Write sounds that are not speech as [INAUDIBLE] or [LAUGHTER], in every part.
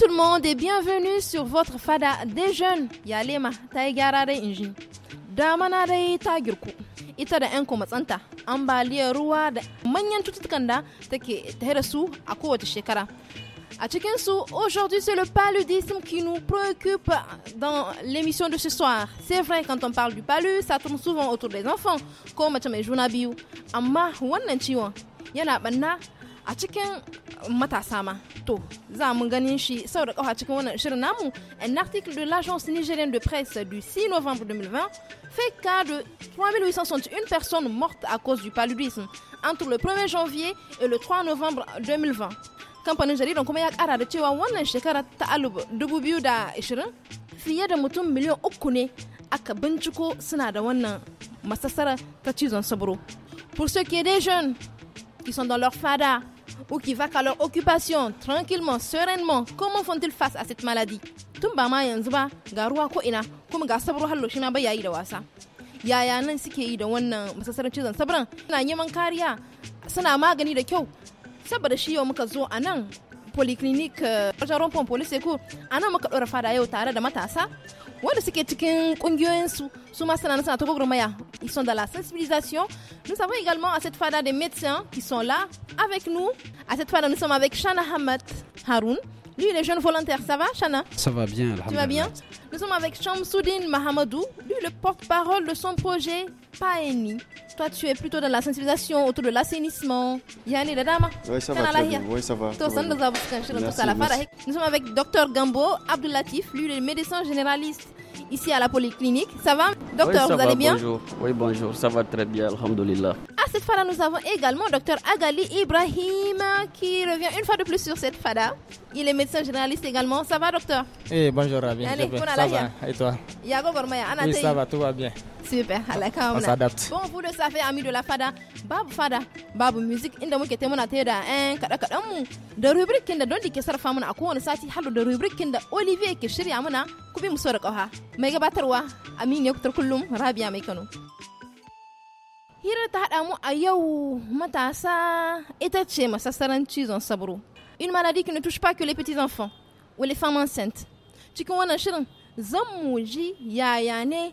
tout le monde et bienvenue sur votre fada des jeunes. Yalema taigarare inji. Damanare tagirku. Ita da yan komatsanta ambaliyar ruwa da manyan cututtukan da take tare su a kowace shekara. cikin su, aujourd'hui c'est le paludisme qui nous préoccupe dans l'émission de ce soir. C'est vrai, quand on parle du palu, ça tourne souvent autour des enfants, comme na biu Amma, Wannan ciwon Yana Banna, a cikin matasa ma to za mu ganin shi sau da wannan shirin namu un article de l'agence nigérienne de presse du 6 novembre 2020 fait cas de 3861 personnes mortes à cause du paludisme entre le 1er janvier et le 3 novembre 2020 kamfanin jaridan kuma ya kara da cewa wannan shekarar ta 2020 fiye da mutum miliyan uku ne aka binciko suna da wannan masasara ta cizon sabro pour ceux qui est des jeunes qui sont dans leur fada ou qui vaquent à leur occupation tranquillement, sereinement, comment font-ils face à cette maladie ma ko ina kuma ga sabro hallo shi ma da wasa. Yaya suke yi da wannan sabran? kariya, suna magani da kyau. Saboda shi yau muka polyclinic wajen euh, rompon police secours ana maka ɗora fada yau tare da matasa wanda suke cikin kungiyoyinsu su ma suna suna de maya ils sont dans la sensibilisation nous avons également à cette fada des médecins qui sont là avec nous à cette fada nous sommes avec Shana Hamad Haroun lui, les jeunes volontaires, Ça va, Chana Ça va bien, Tu vas bien Nous sommes avec Soudine Mahamadou, lui, le porte-parole de son projet PAENI. Toi, tu es plutôt dans la sensibilisation autour de l'assainissement. Yanni, la dame Oui, ça va. Oui, ça va. Nous sommes avec Dr Gambo Abdoulatif, lui, le médecin généraliste ici à la polyclinique. Ça va, docteur Vous allez bien Bonjour. Oui, bonjour. Ça va très bien, alhamdoulilah. À cette fada, nous avons également docteur Agali Ibrahim qui revient une fois de plus sur cette fada. Il est médecin généraliste également. Ça va, docteur Eh, bonjour, Ravi. Allez, ça va. Et toi oui, ça va, tout va bien. Super, Allah kawo mana. Bon, vous le savez, ami de la Fada, babu Fada, babu music inda muke te muna tayar da ɗan hein, kada kaɗen mu da rubrikin da don dike sarfa muna a kowane sati halu da rubrikin da Olivier ke shirya muna kubi bi mu so da ƙaha. Mai gabatarwa Aminu ya kutar kullum Rabia Mai Kano. Hirar ta haɗa mu a yau matasa ita ce masassaran cizon sabro. Une maladie qui ne touche pas que les petits enfants ou les femmes enceintes. Cikin wannan shirin zan mu ji yaya ne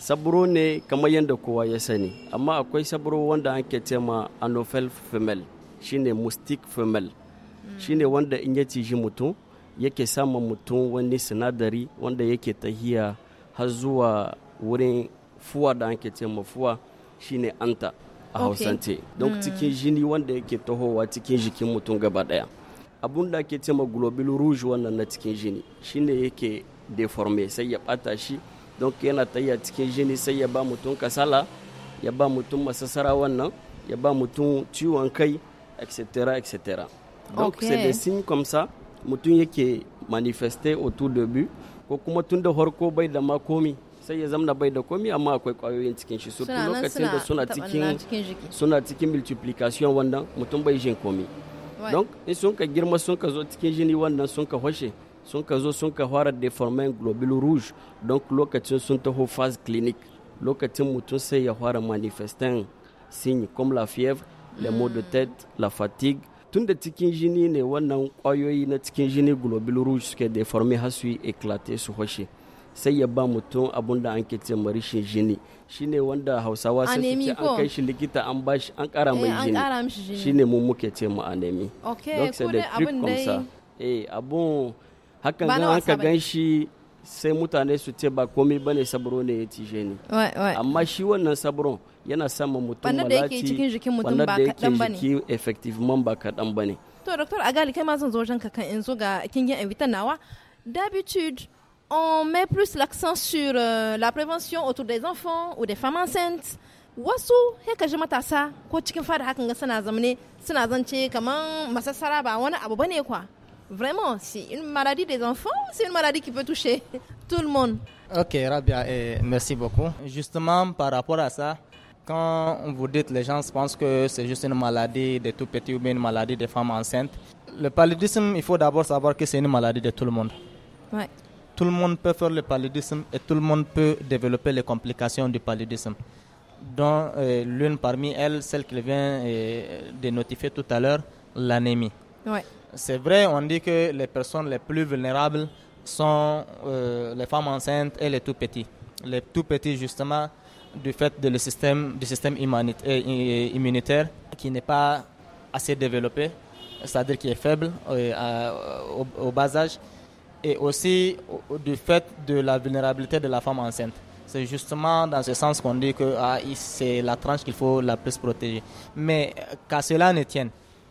saburo ne kamar yadda kowa ya sani amma akwai saburo wanda an ke ma anophel femel shine mustic femel hmm. shine wanda in ya ciji mutum yake sama mutum wani sinadari wanda yake tahiya har zuwa wurin fuwa da an ke ma fuwa shine anta a hausance don hmm. cikin jini wanda yake tahowa cikin jikin mutum gaba daya abun da ake ma globule rouge wannan na cikin jini shine yake deforme sai ya bata shi Donc yana y cikin jini sai ya ba mutum kasala ya ba mutum masasara wannan ya ba mutum ciwon kai etc etc donc c'est des signes comme ça mutum yake manifester autour de lui ko kuma tun da harko bai da ma sai ya bai da komi amma akwai kwayoyin cikin shi lokacin da suna cikin suna cikin multiplication wannan mutum bai jin komi donc in sun girma sun ka zo cikin jini wannan sun ka zo sun ka fara da formen globule rouge donc lokacin sun taho phase clinic lokacin mutum sai ya fara manifestin sinyi comme la fièvre les maux de tête la fatigue tun da cikin jini ne wannan kwayoyi na cikin jini globule rouge suke deforme har su yi eclate su hoshe sai ya ba mutum abun da an ce marishin jini shine wanda hausawa sai su an kai shi likita an ba shi an kara mai jini shine mu muke ce mu anemi okay. donc c'est des trucs comme eh abun ah hakan ga haka gan sai mutane su ce ba komai bane sabro ne ya tije ni amma shi wannan sabron yana sama mutum malati da yake cikin jikin mutum ba kaɗan bane jiki effectivement ba kaɗan bane to doctor agali kai ma zan zo ka kan in zo ga kingin invitan nawa d'habitude on met plus l'accent sur euh, la prévention autour des enfants ou des femmes enceintes wasu sai ka ta sa ko cikin fara hakan ga suna zamane suna zance kaman masassara ba wani abu bane kwa Vraiment, c'est une maladie des enfants, c'est une maladie qui peut toucher [LAUGHS] tout le monde. Ok, Rabia, merci beaucoup. Justement, par rapport à ça, quand vous dites les gens pensent que c'est juste une maladie des tout petits ou bien une maladie des femmes enceintes, le paludisme, il faut d'abord savoir que c'est une maladie de tout le monde. Ouais. Tout le monde peut faire le paludisme et tout le monde peut développer les complications du paludisme dont euh, l'une parmi elles, celle qui vient euh, de notifier tout à l'heure, l'anémie. Ouais. C'est vrai, on dit que les personnes les plus vulnérables sont euh, les femmes enceintes et les tout petits. Les tout petits, justement, du fait de le système, du système euh, euh, immunitaire qui n'est pas assez développé, c'est-à-dire qui est faible au, bas âge, et aussi du fait de la vulnérabilité de la femme enceinte. C'est justement dans ce sens qu'on dit que ah, c'est la tranche qu'il faut la plus protéger. Mais qu'à cela ne tienne,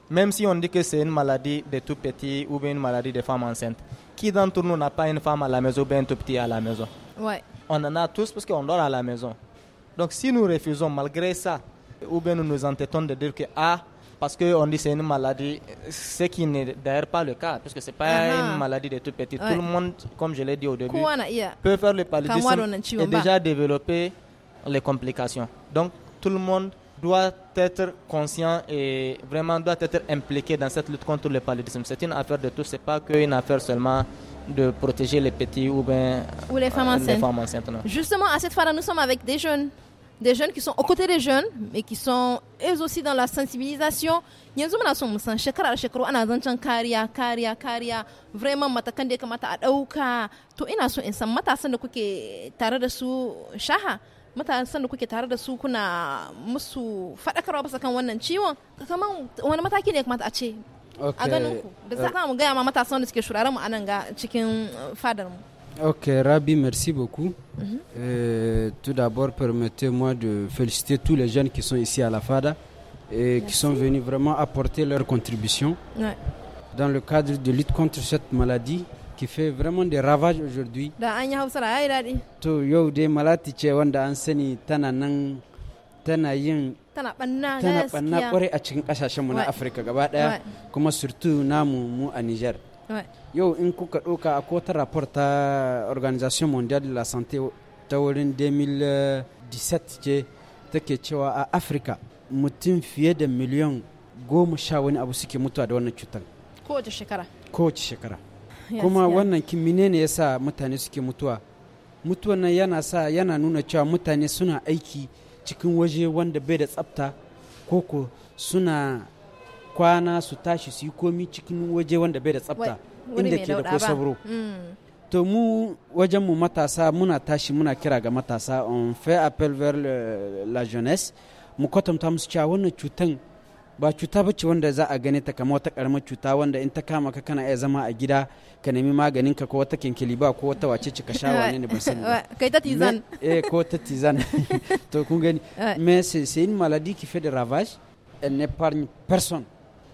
même si on dit que c'est une maladie des tout petits ou bien une maladie des femmes enceintes, qui d'entre nous n'a pas une femme à la maison ou bien un tout petit à la maison ouais. On en a tous parce qu'on dort à la maison. Donc si nous refusons malgré ça, ou bien nous nous entêtons de dire que ah, parce qu'on dit c'est une maladie, ce qui n'est d'ailleurs pas le cas, parce que c'est pas une maladie de tout petit. Tout le monde, comme je l'ai dit au début, peut faire le paludisme et déjà développer les complications. Donc tout le monde doit être conscient et vraiment doit être impliqué dans cette lutte contre le paludisme. C'est une affaire de tous, c'est pas qu'une affaire seulement de protéger les petits ou bien ou les femmes euh, enceintes. Justement, à cette fois-là, nous sommes avec des jeunes, des jeunes qui sont aux côtés des jeunes, mais qui sont eux aussi dans la sensibilisation. vraiment mutanen san da kuke tare da su kuna musu faɗakarwa bisa kan wannan ciwon kamar wani mataki ne kamata a ce a ganin ku da za mu gaya ma matasan da suke shuraren mu anan ga cikin eh, fadar mu Ok, Rabi, merci beaucoup. Mm -hmm. euh, tout d'abord, permettez-moi de féliciter tous les jeunes qui sont ici à la FADA et merci. qui sont venus vraiment apporter leur contribution ouais. dans le cadre de lutte contre cette maladie qui fait vraiment des ravages aujourd'hui. Da an yi Hausa ya yi daɗi. To yau dai malati ce wanda an sani tana nan tana yin tana banna tana banna kwarai a cikin kasashen mu na Afirka gaba daya kuma surtout namu mu a Niger. Yau in kuka ɗauka a kota rapport ta Organisation Mondiale de la Santé ta wurin 2017 ce take cewa a Afirka mutum fiye da miliyan goma sha wani abu suke mutuwa da wannan cutar. Kowace shekara. Kowace shekara. kuma wannan kimine ne yasa mutane suke mutuwa mutuwan nan yana sa yana nuna cewa mutane suna aiki cikin waje wanda bai da tsafta koko suna kwana su tashi su yi komi cikin waje wanda bai da tsafta inda ke da ko sabro mm. to mu wajen mu matasa muna tashi muna kira ga matasa on fait appel vers la jeunesse mu kwatanta musu cewa wannan cutan ba cuta bace wanda za a gane ta kama wata karamar cuta wanda in ta kama ka kana iya zama a gida ka nemi maganin ka ko wata kinkili ba ko wata wace ci ka sha wani ne ban sani [LAUGHS] kai ta tizan eh ko ta tizan [LAUGHS] to kun gani eh. mais c'est une maladie qui fait des ravages elle n'épargne personne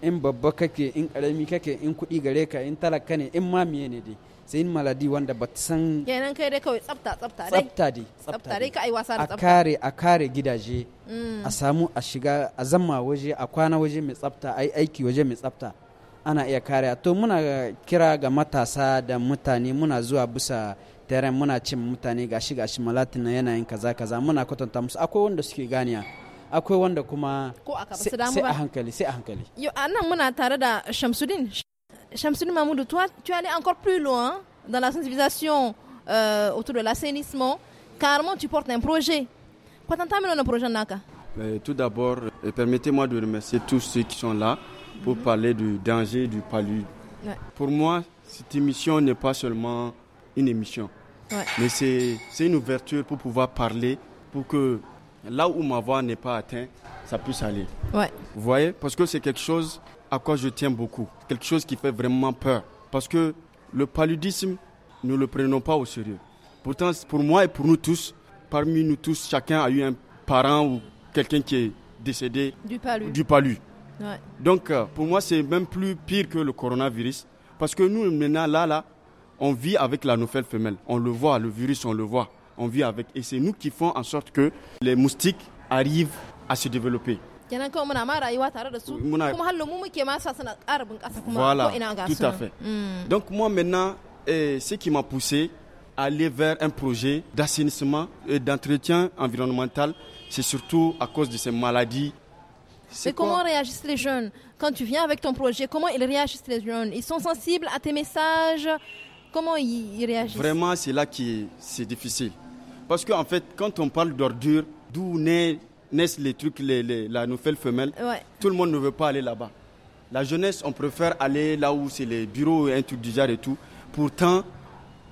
in babba kake in karami kake in kudi gare ka in talaka ne in ma miye ne dai sai maladi wanda ba ta san kenan kai dai kawai tsafta tsafta dai tsafta dai tsafta dai ka ai wasa da tsafta a kare a kare gidaje mm. a samu a shiga a zama waje a kwana waje mai tsafta ai aiki waje mai tsafta ana iya kare to muna kira ga matasa da mutane muna zuwa bisa teren muna cin mutane gashi gashi malatin na yanayin kaza kaza muna kwatanta musu akwai wanda suke ganiya akwai wanda kuma sai a hankali sai a hankali yo anan muna tare da Shamsudin Chamsun Mamoudou, toi, tu es allé encore plus loin dans la sensibilisation euh, autour de l'assainissement. Carrément, tu portes un projet. projet Tout d'abord, euh, permettez-moi de remercier tous ceux qui sont là pour mhm. parler du danger du palud. Pour moi, cette émission n'est pas seulement une émission, mais c'est une ouverture pour pouvoir parler, pour que là où ma voix n'est pas atteinte, ça puisse aller. Vous voyez Parce que c'est quelque chose à quoi je tiens beaucoup, quelque chose qui fait vraiment peur. Parce que le paludisme, nous ne le prenons pas au sérieux. Pourtant, pour moi et pour nous tous, parmi nous tous, chacun a eu un parent ou quelqu'un qui est décédé du palud. Donc, euh, pour moi, c'est même plus pire que le coronavirus. Parce que nous, maintenant, là, là, on vit avec la nouvelle femelle. On le voit, le virus, on le voit. On vit avec. Et c'est nous qui faisons en sorte que les moustiques arrivent à se développer voilà, tout à fait mm. donc moi maintenant eh, ce qui m'a poussé à aller vers un projet d'assainissement et d'entretien environnemental c'est surtout à cause de ces maladies mais comment réagissent les jeunes quand tu viens avec ton projet comment ils réagissent les jeunes ils sont sensibles à tes messages comment ils, réagissent vraiment c'est là qui c'est difficile parce qu'en en fait quand on parle d'ordure d'où naît naissent les trucs, les, la nouvelle femelle, tout le monde ne veut pas aller là-bas. La jeunesse, on préfère aller là où c'est les bureaux et un truc du genre et tout. Pourtant,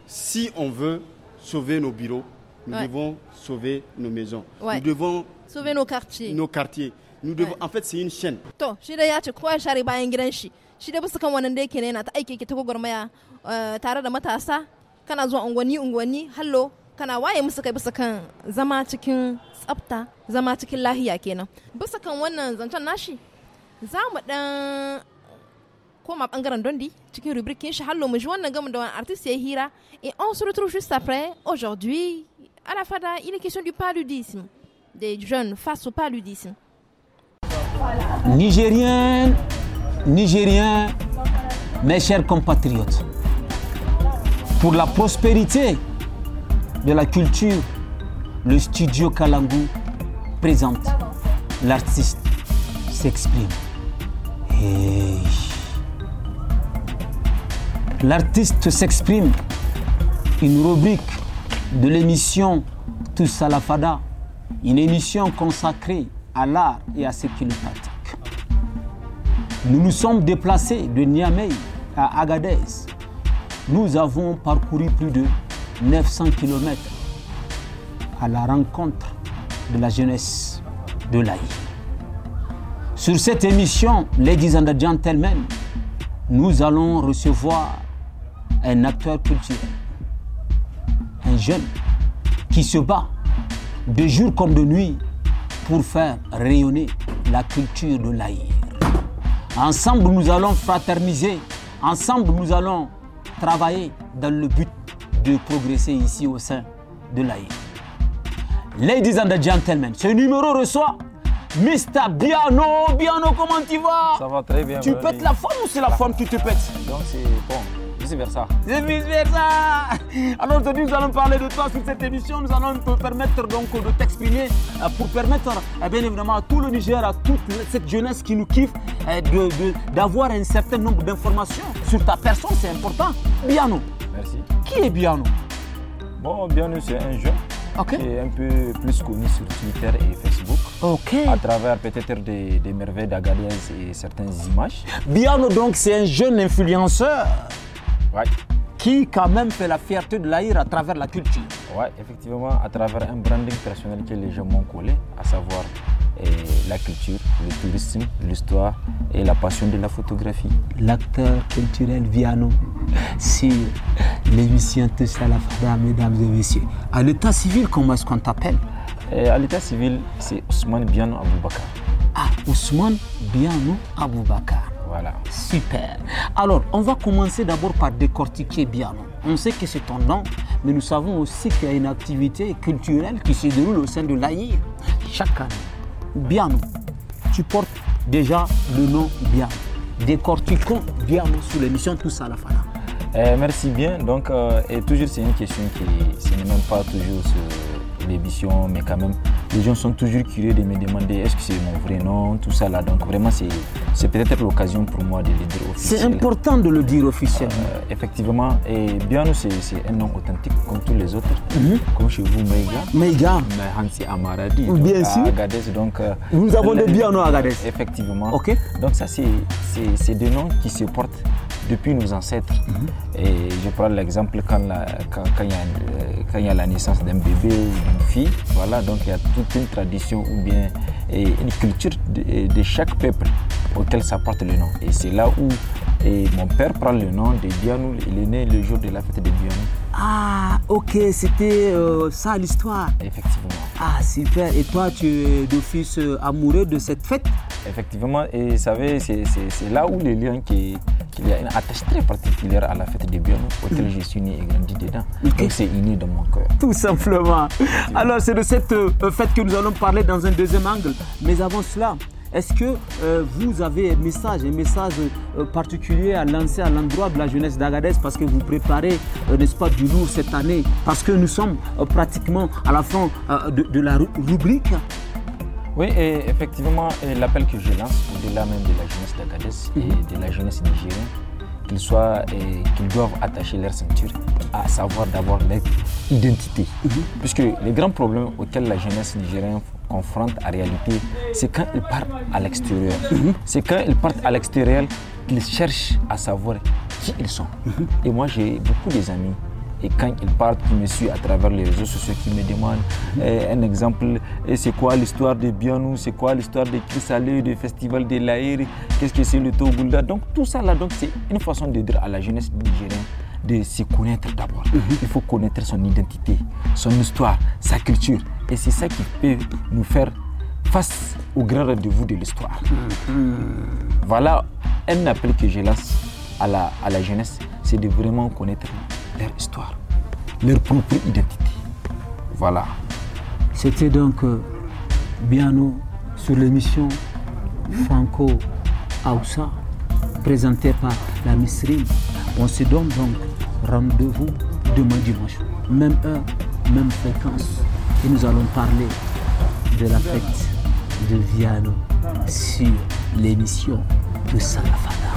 si on veut sauver nos bureaux, nous devons sauver nos maisons. Nous devons sauver nos quartiers. Nos quartiers. Nous devons, En fait, c'est une chaîne kana waye musu kai bisa kan zama cikin tsafta zama cikin lahiya kenan bisa kan wannan zancen nashi za mu dan koma bangaren dondi cikin rubrikin shi hallo mu ji wannan gamu da wani artist ya hira et on se retrouve juste après aujourd'hui à la fada il est question du paludisme des jeunes face au paludisme Nigériens, Nigériens, mes chers compatriotes, pour la prospérité de la culture, le studio Kalangu présente l'artiste s'exprime. L'artiste s'exprime, une rubrique de l'émission Tous à la Fada, une émission consacrée à l'art et à ce qu'il pratique. Nous nous sommes déplacés de Niamey à Agadez. Nous avons parcouru plus de 900 km à la rencontre de la jeunesse de l'Aïe. Sur cette émission, Ladies and Gentlemen, nous allons recevoir un acteur culturel, un jeune qui se bat de jour comme de nuit pour faire rayonner la culture de l'Aïr. Ensemble, nous allons fraterniser, ensemble, nous allons travailler dans le but de progresser ici au sein de l'AI. Ladies and gentlemen, ce numéro reçoit Mr. Biano. Biano, comment tu vas Ça va très bien. Tu pètes la forme ou c'est la, forme qui te pète Donc c'est bon. Vice versa. C'est vice versa. Alors aujourd'hui, nous allons parler de toi sur cette émission. Nous allons te permettre donc de t'exprimer euh, pour permettre, euh, bien à tout le Niger, à toute cette jeunesse qui nous kiffe, euh, d'avoir de, un certain nombre d'informations sur ta personne. C'est important. Biano, Merci. Qui est Biano Bon, Biano, c'est un jeune qui est un peu plus connu sur Twitter et Facebook. À travers peut-être des, merveilles d'Agadez et certaines images. Biano, donc, c'est un jeune influenceur qui, quand même, fait la fierté de l'Aïr à travers la culture. Oui, effectivement, à travers un branding personnel que les gens m'ont collé, à savoir la culture, le tourisme, l'histoire et la passion de la photographie. L'acteur culturel Viano c'est l'émission Touche la mesdames et messieurs. À l'état civil, comment est-ce qu'on t'appelle À l'état civil, c'est Ousmane Biano Aboubakar. Ah, Ousmane Biano Aboubakar. Voilà. Super. Alors, on va commencer d'abord par décortiquer Biano. On sait que c'est ton nom, mais nous savons aussi qu'il y a une activité culturelle qui se déroule au sein de l'AIR chaque année. Bien, Tu portes déjà le nom tu comptes bien sur l'émission Tous à la Fana. Eh, merci bien. Donc, euh, et toujours, c'est une question qui ne n'est même pas toujours sur l'émission, mais quand même, les gens sont toujours curieux de me demander est-ce que c'est mon vrai nom, tout ça là. Donc vraiment, c'est peut-être l'occasion pour moi de le dire officiellement. C'est important de le dire officiellement. Euh, effectivement, et bien c'est un nom authentique comme tous les autres, mhm. comme chez vous, Meiga. Meiga. Mais Hansi Amaradi. Bien sûr. Agadez, donc, euh, Nous avons des Biano à Agadez. Effectivement. Ok. Donc ça, c'est des noms qui se portent depuis nos ancêtres. Mhm. Et je prends l'exemple quand il quand, quand y, a, euh, y a la naissance d'un bébé ou d'une fille, voilà, donc il y a tout une tradition ou bien une culture de, chaque peuple auquel ça porte le nom. Et c'est là où mon père prend le nom de Bianou. Il est né le jour de la fête de Bianou. Ah, ok, c'était euh, ça l'histoire. Effectivement. Ah, super. Et toi, tu es de fils euh, amoureux de cette fête Effectivement. Et savez, c'est là où les liens qui, il y a une attache très particulière à la fête des biomes, auquel je suis né et grandi dedans. Donc c'est uni dans mon cœur. Tout simplement. Alors c'est de cette euh, fête que nous allons parler dans un deuxième angle. Mais avant cela, est-ce que euh, vous avez un message, un message euh, particulier à lancer à l'endroit de la jeunesse d'Agadez parce que vous préparez, n'est-ce pas, du lourd cette année Parce que nous sommes pratiquement à la fin de, la rubrique oui, effectivement, l'appel que je lance au-delà même de la jeunesse d'Agadez et mhm. de la jeunesse nigérienne, qu'ils soient qu'ils doivent attacher leur ceinture, à savoir d'avoir leur identité. Mhm. Puisque les grands problèmes auxquels la jeunesse nigérienne confronte en réalité, c'est quand ils partent à l'extérieur. Mhm. C'est quand ils partent à l'extérieur qu'ils cherchent à savoir qui ils sont. Et moi, j'ai beaucoup des amis et quand ils partent, qui me suivent à travers les réseaux sociaux, qui me demandent eh, un exemple, eh, c'est quoi l'histoire de Bianou, c'est quoi l'histoire de Kisale, du festival de l'air, qu'est-ce que c'est le Togoulda. Donc tout ça là, donc c'est une façon de dire à la jeunesse nigérienne de se connaître d'abord. Mhm. Il faut connaître son identité, son histoire, sa culture. Et c'est ça qui peut nous faire face au grand rendez-vous de l'histoire. Mhm. Voilà un appel que je lance à la, à la jeunesse, c'est de vraiment connaître leur histoire, leur propre identité. Voilà. C'était donc euh, Biano sur l'émission Franco Aoussa, présentée par la Misserie. On se donne donc rendez-vous demain dimanche. Même heure, même fréquence. Et nous allons parler de la fête de Viano sur l'émission de Salafada.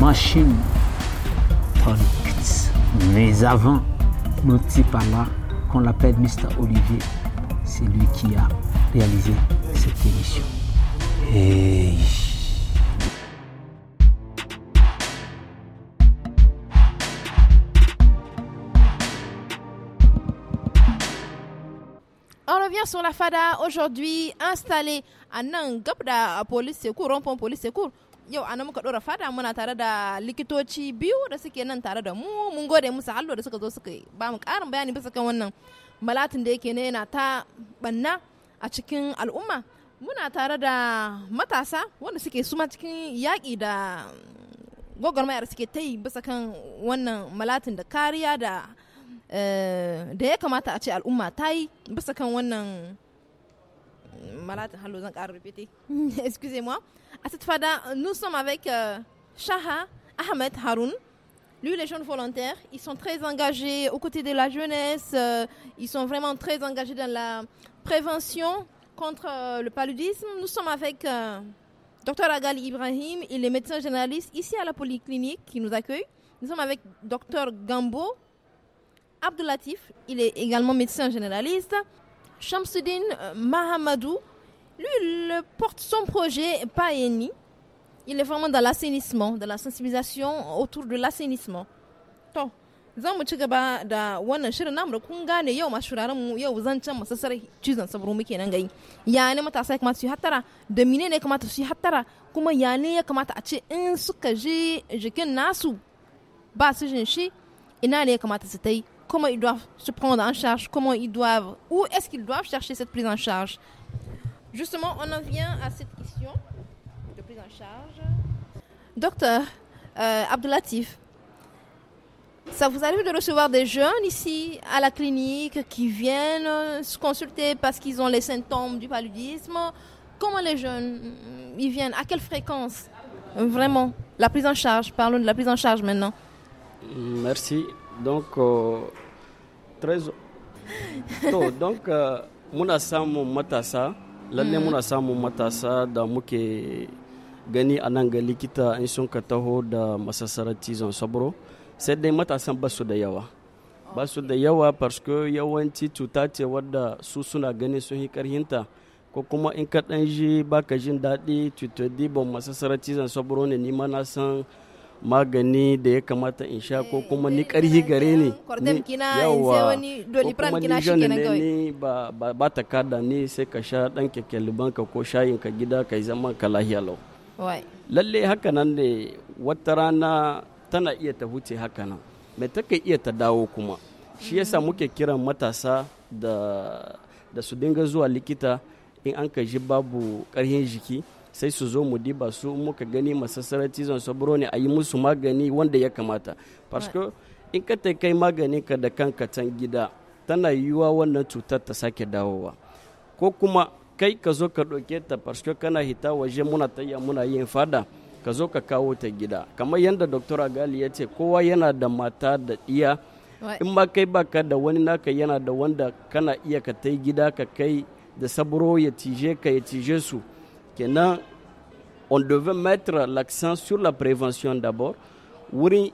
Machine Tony. Mais avant, notre petit là, qu'on l'appelle Mr. Olivier, c'est lui qui a réalisé cette émission. On revient sur la FADA aujourd'hui installée à Nangabda à police secours, rond-point police secours. yau anan muka dora fada muna tare da likitoci biyu da suke nan tare da mu mun gode musu hallo da suka zo suka ba mu karin bayani bisa kan wannan malatin da yake ne yana ta banna a cikin al'umma muna tare da matasa wanda suke suma cikin yaƙi da gwagwarmayar suke ta yi bisa kan wannan malatin da kariya da eh, da ya kamata a ce al'umma ta yi bisa kan wannan malade, à hein, répéter. [LAUGHS] Excusez-moi. À cette fada, nous sommes avec euh, Shaha Ahmed Haroun. Lui, les jeunes volontaires, ils sont très engagés aux côtés de la jeunesse. Euh, ils sont vraiment très engagés dans la prévention contre euh, le paludisme. Nous sommes avec Dr Agali Ibrahim. Il est médecin généraliste ici à la polyclinique qui nous accueille. Nous sommes avec Dr Gambo Abdelatif. Il est également médecin généraliste. Shamsuddin euh, Mahamadou, lui, porte son projet Paeni. Il est vraiment dans l'assainissement, dans la sensibilisation autour de l'assainissement. Donc, zamu dit ci da wannan shirin namu da kun gane yau mu yau cizon muke nan gai ya ne ne kuma ya ne ya a ce in suka jikin nasu ba su jin comment ils doivent se prendre en charge, comment ils doivent, où est-ce qu'ils doivent chercher cette prise en charge. Justement, on en vient à cette question de prise en charge. Docteur euh, Abdelatif, ça vous arrive de recevoir des jeunes ici à la clinique qui viennent se consulter parce qu'ils ont les symptômes du paludisme Comment les jeunes, ils viennent À quelle fréquence Vraiment, la prise en charge, parlons de la prise en charge maintenant. Merci. don euh, to donc euh, muna samun matasa lalle hmm. muna samun matasa da muke gani a nan ga likita in sun ka taho da masassarar cizon sabro sai dai matasan ba su da yawa ba su da yawa parce yawanci cuta ce wadda su suna gani sun yi karhinta ko kuma in ka ji baka jin daɗi cutar dibon masassarar cizon sabro ne nima na san magani da ya kamata in sha ko eh, kuma ni karhi eh, eh, gare ni yawa ko kuma ni jani ne ni ba ta kada ni sai ka sha dan kyakkyalibanka ko shayinka gida ka yi zama ka lahiya lau lalle haka ne wata rana tana iya ta huce hakanan nan mai take iya ta dawo kuma shi yasa mm-hmm. muke kiran matasa da su dinga zuwa likita in an ka ji babu karhin jiki sai su zo mu diba su muka gani masassarar cizon sabro ne a yi musu magani wanda ya kamata parce in ka ta kai magani ka da kanka can gida tana yiwuwa wannan cutar ta sake dawowa ko kuma kai ka zo ka ɗauke ta parce kana hita waje muna tayya muna yin fada ka zo ka kawo ta gida kamar yadda doktor Agali ya ce kowa yana da mata da iya in ma kai baka da wani naka yana da wanda kana iya ka tai gida ka kai da saburo ya cije ka ya cije su maintenant, on devait mettre l'accent sur la prévention d'abord moi je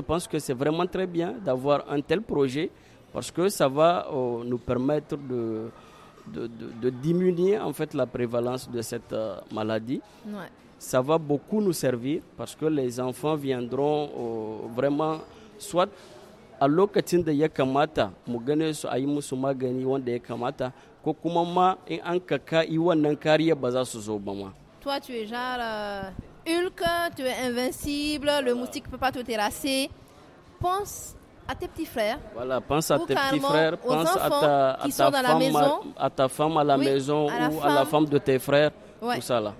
pense que c'est vraiment très bien d'avoir un tel projet parce que ça va euh, nous permettre de de, de, diminuer en fait la prévalence de cette euh, maladie. Ça va beaucoup nous servir parce que les enfants viendront euh, vraiment soit a lokacin da ya kamata mu gane su a yi musu magani wanda ya kamata ko kuma ma in an ka ka'i wannan kariyar ba za su zo ba ma. Toi, tu es genre euh, Hulk, tu es invincible, le moustique ne peut pas te terrasser. Pense à tes petits frères. Voilà, pense à tes petits frères, pense à ta, à, ta femme, maison. À, à ta, femme, à, la oui, maison la ou femme. à la femme de tes frères, ouais. tout ça là.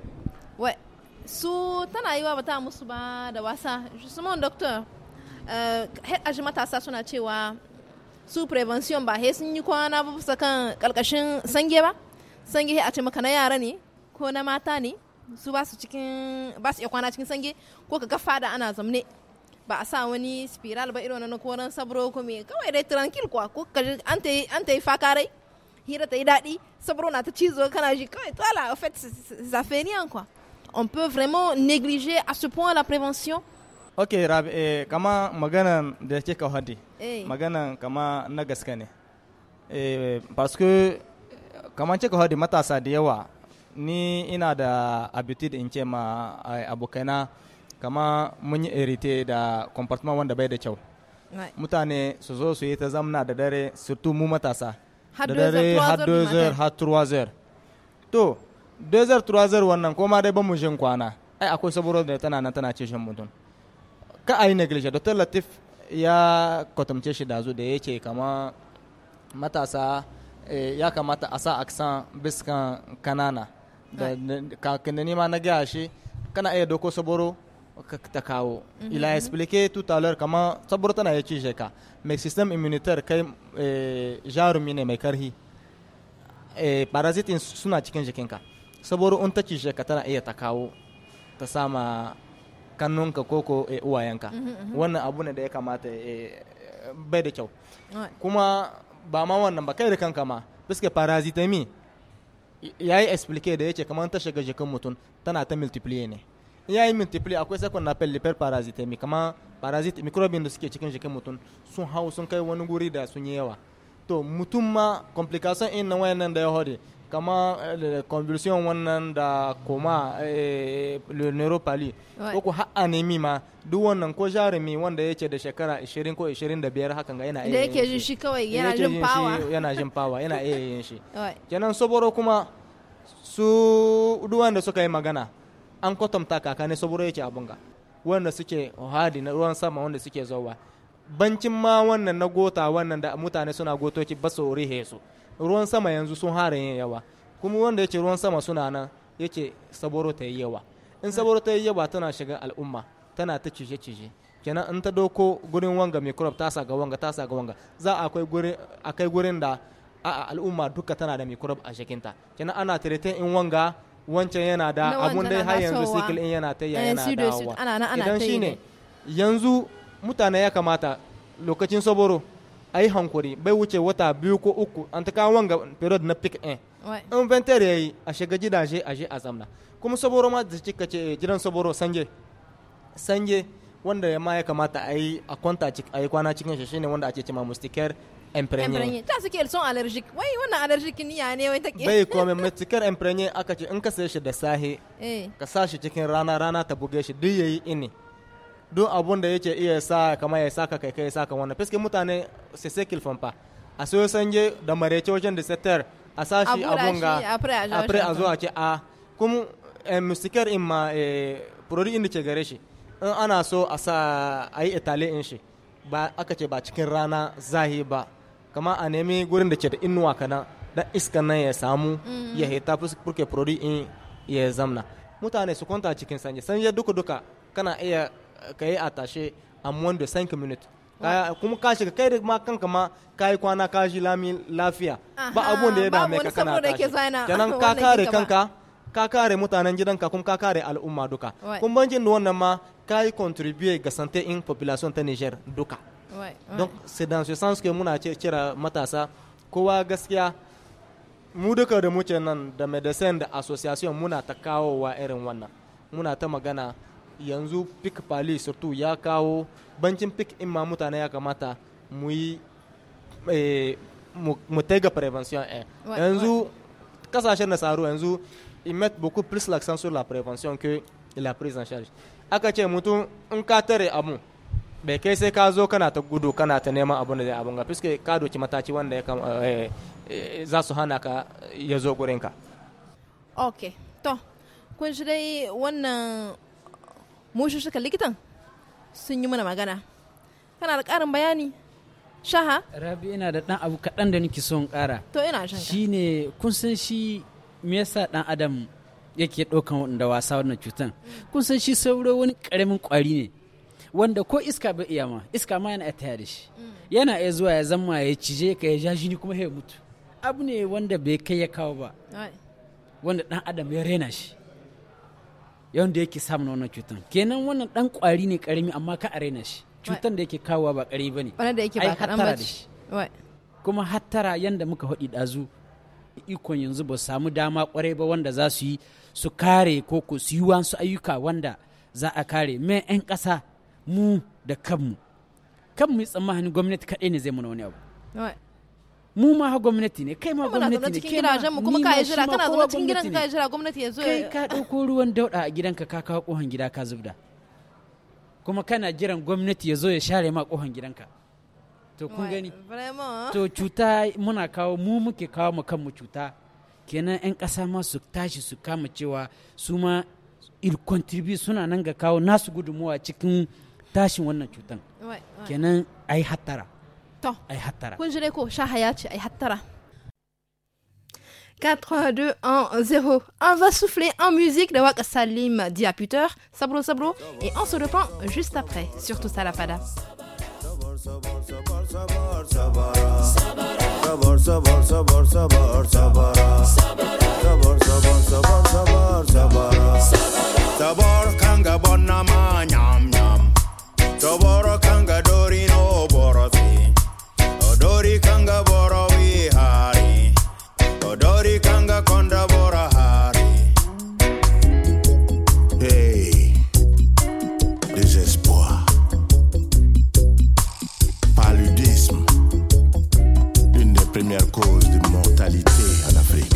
Ouais. So, justement, docteur, ta eh, matasa suna cewa su prevention ba sai sun yi kwana ba su kan kalkashin sange ba sange a ce maka na yara ne ko na mata ne su ba su cikin ba su iya kwana cikin sange ko ka gafa da ana zamne ba a sa wani spiral ba irin na koran sabro ko me kawai dai tranquil kuwa ko ka an ta yi an ta yi fakarai hira ta yi daɗi sabro na ta cizo kana ji kawai tsala en fait ça fait rien quoi on peut vraiment négliger à ce point la prévention ok rabi eh, kama maganan da kika hadi hey. Eh. maganan kama na gaske ne eh, parce que ce kika hadi matasa da yawa ni ina da habitude in ce ma eh, abokaina kama mun yi erite da comportement wanda bai da kyau mutane su zo su yi ta zamna da dare surtout mu matasa da dare har 2 har 3 to 2 3 wannan koma dai ba mu jin kwana ai akwai saboda da tana nan tana ce shan mutum ka a yi negligent dr latif ya kwatamce shi dazu da yake kama matasa eh, ya kamata a sa aksan biskan kanana da da ma na gaya shi kana iya doko saboro ta kawo mhm, ila a mhm. expliqué tout à l'heure kama saboro tana ya cije ka mai system immunitaire kai eh, jarumi ne mai karhi eh, parasitin suna cikin jikinka saboro un ta cije ka tana iya ta kawo ta sama kannunka ko ko eh, uwayenka mhm, mhm. wannan abu ne da ya kamata eh, eh, bai da kyau kuma ba ma wannan ba kai da kanka ma biske parazitami ya yi explique da ya ce kamar ta shiga jikin mutum tana ta multiplier ne ya yi multiplier akwai second na per parazitami kamar parasit microbin da suke cikin jikin mutum sun hau sun kai wani guri da sun yi yawa to mutum ma complication in na wayannan da ya hode kama eh, convulsion wannan da koma eh, le neuropali ko ku anemi ma duk wannan ko jarumi wanda yake da shekara 20 ko 25 hakan ga yana da yake jin shi kawai yana jin power yana jin power yana iya yin shi [LAUGHS] kenan saboro kuma su duwan da suka yi magana an kwatanta ne saboro yake abunga wanda suke hadi na ruwan sama wanda suke zowa bancin ma wannan na gota wannan da mutane suna gotoci ba su rihe su ruwan sama yanzu sun hara yin yawa kuma wanda yake ruwan sama suna nan yake saboro ta yi yawa in saboro ta yi yawa tana shiga al'umma tana ta cije cije kenan in ta doko gurin wanga microbe ta sa ga wanga ta sa ga wanga za a kai gurin akai gurin da a al'umma duka tana da microbe a ta kenan ana tiritin in wanga wancan yana da abun dai har yanzu sikil in yana ta yana wa idan shine yanzu mutane ya kamata lokacin saboro a yi hankuri bai wuce wata biyu ko uku an ta kawo wanga period na pick in in ventar ya yi a shiga gidaje a je a zamna kuma saboro ma da cika ce eh, gidan saboro sanje sanje wanda ya ma ya kamata a yi a kwanta a yi kwana cikin shi shine wanda ake cema mustikar imprenye ta suke son allergic wai wannan allergic niya ne wai take bai [LAUGHS] komai mustikar imprenye aka ce in ka sai shi da sahi. Eh. ka sa shi cikin rana rana ta buge shi duk yayi ini duk abun da yake iya sa kama ya saka kai kai saka wannan fiske mutane sai sai kilfan fa a sayo sanje da marece wajen da setter a sashi abun ga apre a zuwa ke a kuma eh, musikar in ma eh, product inda ke gare shi in ana so a sa a yi itali in shi ba aka ce ba cikin rana zahi ba kama a nemi gurin da ke da inuwa kana da iskan nan ya samu mm-hmm. ya hita fuske product in ya zamna mutane su kwanta cikin sanje sanje duka duka kana iya ka yi atashe amman da 5 minutes kuma ka shiga kai da ma kanka ma ka yi kwana ka ji lami lafiya ba abubuwan da ya dame ka kana tashi kenan [LAUGHS] ka kare kanka ka kare mutanen gidanka kuma ka kare al'umma duka kuma banjin da wannan ma ka yi contribute ga santé in population ta Niger duka donc c'est dans ce sens que muna cira matasa kowa gaskiya mu duka da muke nan da medecin da association muna ta kawowa irin wannan muna ta magana yanzu pick pali surtout ya kawo bancin pick in ma mutane ya kamata eh, mu yi mu taiga prevention eh yanzu kasashen nasaru yanzu ils mettent beaucoup plus l'accent sur la prévention que la prise en charge aka ce mutum in ka tare abu bai kai sai ka zo kana ta gudu kana ta neman abun da zai abun ga fiske ka doki wanda eh, eh, za su hana ka ya zo gurinka ok to kun shi dai wannan mu likitan sun yi mana magana kana da ƙarin bayani shaha rabi ina da ɗan abu kaɗan da nake son ƙara to ina shan shine kun san shi me yasa ɗan adam yake ɗaukan da wasa wannan cutan kun san shi sauro wani ƙaramin ƙwari ne wanda ko iska bai iya ma iska ma yana taya da shi mm. yana iya zuwa ya zama ya cije ka ya ja jini kuma ya mutu abu ne wanda bai kai ya kawo ba wanda ɗan adam ya rena shi da yake samun wannan cutan kenan wannan dan kwari ne karami amma ka arena shi cutan da yake kawowa ba karami bane wannan da yake ba kadan ba shi kuma hattara yanda muka hadi dazu ikon yanzu ba samu dama kwarai ba wanda za su yi su kare ko ko su yi wasu ayyuka wanda za a kare me yan kasa mu da kanmu kanmu yi gwamnati kaɗai ne zai mana wani abu mu ma ha gwamnati ne kai ma gwamnati ne kai ma mu kuma ka ajira kana zama cikin gidan ka jira gwamnati ya kai ka dauko ruwan dauda a gidanka ka kawo kohon gida ka zubda kuma kana jiran gwamnati ya zo ya share ma kohon gidanka to kun gani to cuta muna kawo mu muke kawo mu kanmu cuta kenan yan kasa ma su tashi su kama cewa su ma il contribute suna nan ga kawo nasu gudunmuwa cikin tashin wannan cutan kenan ai hattara 1, On va souffler en musique de Salim Diaputer, Sabro Sabro, et on se reprend juste après, surtout Salafada. première cause de mortalité en Afrique.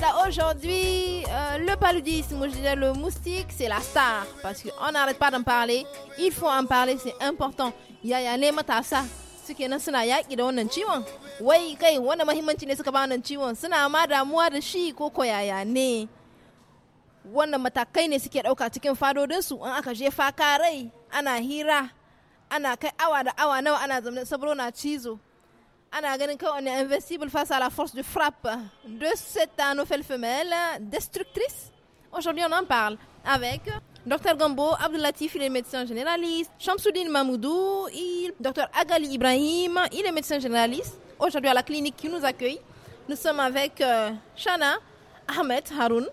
Fada aujourd'hui, euh, le paludisme, je dirais le moustique, c'est la star. Parce qu'on n'arrête pas d'en parler. Il faut en parler, c'est important. Yaya ne matasa suke nan suna yaƙi da wannan ciwon? Wai kai wanda mahimmanci ne suka ba wannan ciwon suna ma damuwa da shi ko koyaya ne? Wannan matakai ne suke ɗauka cikin fadodinsu in aka jefa karai ana hira ana kai awa da awa nawa ana zaune sabro na cizo. Anna, ganin on est invincible face à la force de frappe de cette anophèle femelle destructrice. Aujourd'hui, on en parle avec Dr Gambo Abdelatif, il est médecin généraliste. Shamsoudine Mamoudou, il, Dr Agali Ibrahim, il est médecin généraliste. Aujourd'hui, à la clinique qui nous accueille, nous sommes avec Chana euh, Shana Ahmed Haroun.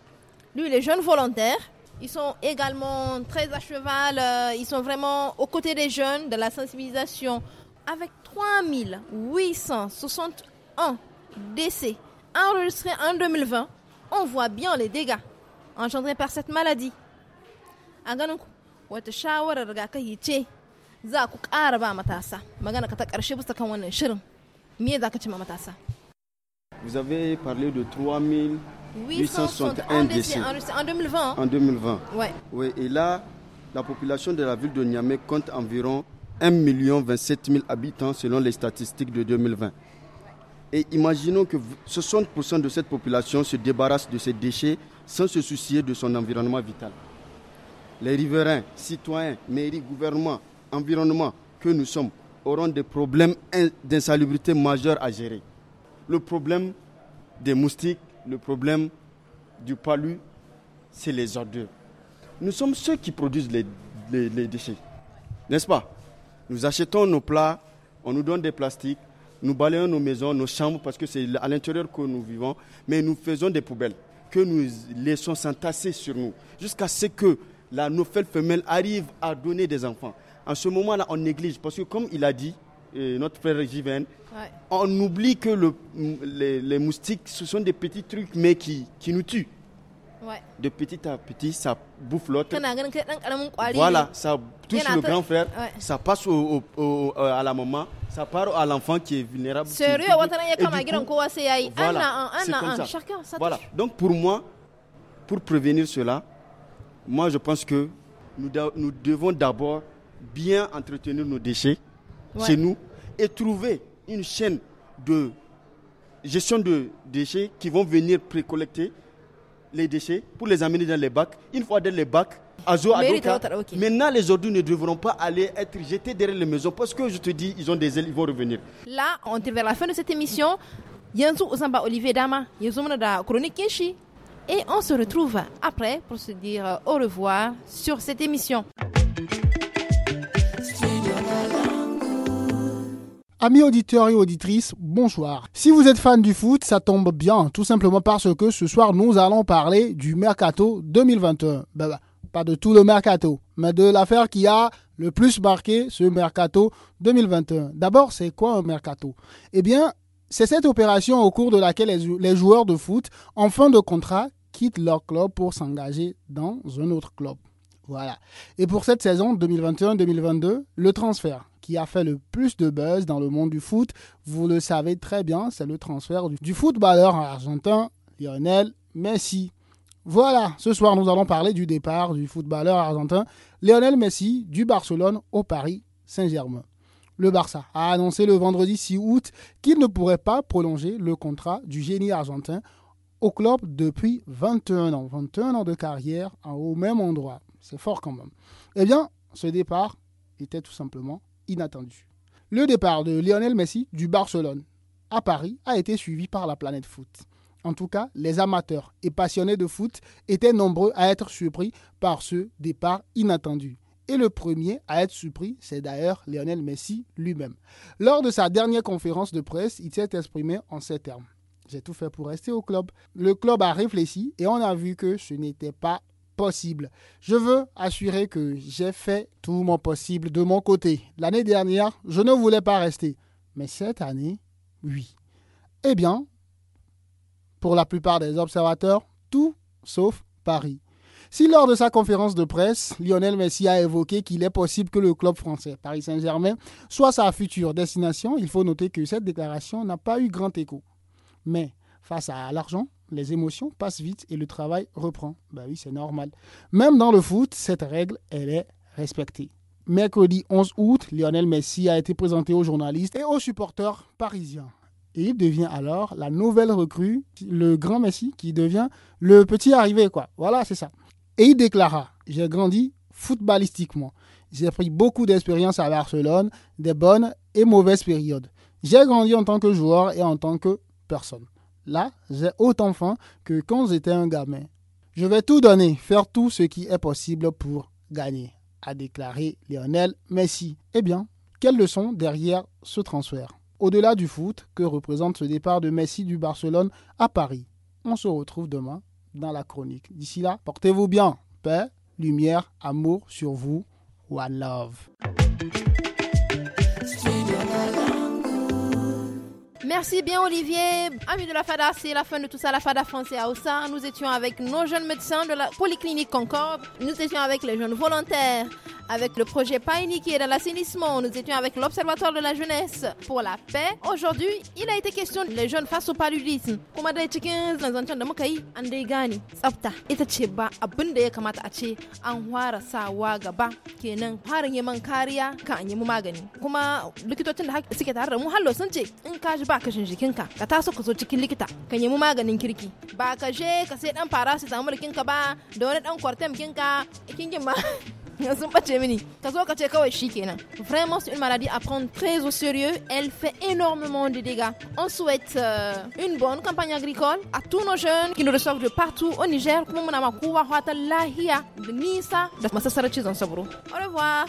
Lui, les jeunes volontaires. Ils sont également très à cheval. Euh, ils sont vraiment aux côtés des jeunes, de la sensibilisation avec 3861 décès enregistrés en 2020, on voit bien les dégâts engendrés par cette maladie. Vous avez parlé de 3 861 décès en 2020. Hein? En 2020. Oui, et là, la population de la ville de Niamey compte environ 1 27 000 habitants selon les statistiques de 2020. Et imaginons que 60% de cette population se débarrasse de ses déchets sans se soucier de son environnement vital. Les riverains, citoyens, mairies, gouvernements, environnement que nous sommes auront des problèmes d'insalubrité majeurs à gérer. Le problème des moustiques, le problème du palu, c'est les ordures. Nous sommes ceux qui produisent les déchets, n'est-ce pas nous achetons nos plats, on nous donne des plastiques, nous balayons nos maisons, nos chambres, parce que c'est à l'intérieur que nous vivons, mais nous faisons des poubelles que nous laissons s'entasser sur nous, jusqu'à ce que la nouvelle femelle arrive à donner des enfants. En ce moment-là, on néglige, parce que comme il a dit, euh, notre frère Jiven, on oublie que les, moustiques, ce sont des petits trucs, mais qui nous tuent. De petit à petit, ça bouffe l'autre. Voilà, ça touche le grand frère, ça passe à la maman, ça part à l'enfant qui est vulnérable. voilà, Ça Donc pour moi, pour prévenir cela, moi je pense que nous, nous devons d'abord bien entretenir nos déchets chez nous et trouver une chaîne de gestion de déchets qui vont venir précollecter collecter les déchets pour les amener dans les bacs. Une fois dans les bacs, Adoka. Maintenant, les ordures ne devront pas aller être jetées derrière les maisons parce que je te dis, ils ont des ailes, ils vont revenir. Là, on est vers la fin de cette émission. Yanzu Ozamba Olivier Dama, da chronique Et on se retrouve après pour se dire euh, au revoir sur cette émission. Amis auditeurs et auditrices, bonsoir. Si vous êtes fan du foot, ça tombe bien, tout simplement parce que ce soir nous allons parler du mercato 2021. Bah, bah, pas de tout le mercato, mais de l'affaire qui a le plus marqué ce mercato 2021. D'abord, c'est quoi un mercato Eh bien, c'est cette opération au cours de laquelle les joueurs de foot en fin de contrat quittent leur club pour s'engager dans un autre club. Voilà. Et pour cette saison 2021-2022, le transfert, qui a fait le plus de buzz dans le monde du foot. Vous le savez très bien, c'est le transfert du, footballeur argentin Lionel Messi. Voilà, ce soir nous allons parler du départ du footballeur argentin Lionel Messi du Barcelone au Paris Saint-Germain. Le Barça a annoncé le vendredi 6 août qu'il ne pourrait pas prolonger le contrat du génie argentin au club depuis 21 ans. 21 ans de carrière au même endroit. C'est fort quand même. Eh bien, ce départ était tout simplement inattendu. Le départ de Lionel Messi du Barcelone à Paris a été suivi par la planète foot. En tout cas, les amateurs et passionnés de foot étaient nombreux à être surpris par ce départ inattendu. Et le premier à être surpris, c'est d'ailleurs Lionel Messi lui-même. Lors de sa dernière conférence de presse, il s'est exprimé en ces termes. J'ai tout fait pour rester au club. Le club a réfléchi et on a vu que ce n'était pas possible. Je veux assurer que j'ai fait tout mon possible de mon côté. L'année dernière, je ne voulais pas rester. Mais cette année, oui. Eh bien, pour la plupart des observateurs, tout sauf Paris. Si lors de sa conférence de presse, Lionel Messi a évoqué qu'il est possible que le club français Paris Saint-Germain soit sa future destination, il faut noter que cette déclaration n'a pas eu grand écho. Mais face à l'argent, les émotions passent vite et le travail reprend. Bah oui, c'est normal. Même dans le foot, cette règle, elle est respectée. Mercredi 11 août, Lionel Messi a été présenté aux journalistes et aux supporters parisiens. Et il devient alors la nouvelle recrue, le grand Messi qui devient le petit arrivé, quoi. Voilà, c'est ça. Et il déclara J'ai grandi footballistiquement. J'ai pris beaucoup d'expérience à Barcelone, des bonnes et mauvaises périodes. J'ai grandi en tant que joueur et en tant que personne. Là, j'ai autant faim que quand j'étais un gamin. Je vais tout donner, faire tout ce qui est possible pour gagner, a déclaré Lionel Messi. Eh bien, quelles leçons derrière ce transfert Au-delà du foot, que représente ce départ de Messi du Barcelone à Paris On se retrouve demain dans la chronique. D'ici là, portez-vous bien. Paix, lumière, amour sur vous. One love. Merci bien Olivier. ami de la FADA, c'est la fin de tout ça. La FADA française à Oussa. Nous étions avec nos jeunes médecins de la Polyclinique Concorde. Nous étions avec les jeunes volontaires avec le projet Painiki et dans l'assainissement. Nous étions avec l'Observatoire de la jeunesse pour la paix. Aujourd'hui, il a été question des jeunes face au paludisme. Kuma dai cikin zanzancen da muka yi, an dai gane tsafta ita ce ba ya kamata a ce an sawa gaba kenan harin neman kariya kan an yi magani. Kuma likitocin da suke tare da mu hallo sun ce in ka ba kashin ka zo cikin likita ka nemi maganin kirki ba ka je ka sai dan fara su samu rikinka ba da wani dan kinka ma [LAUGHS] [LAUGHS] vraiment c'est une maladie à prendre très au sérieux elle fait énormément de dégâts on souhaite euh, une bonne campagne agricole à tous nos jeunes qui nous reçoivent de partout au Niger pour au revoir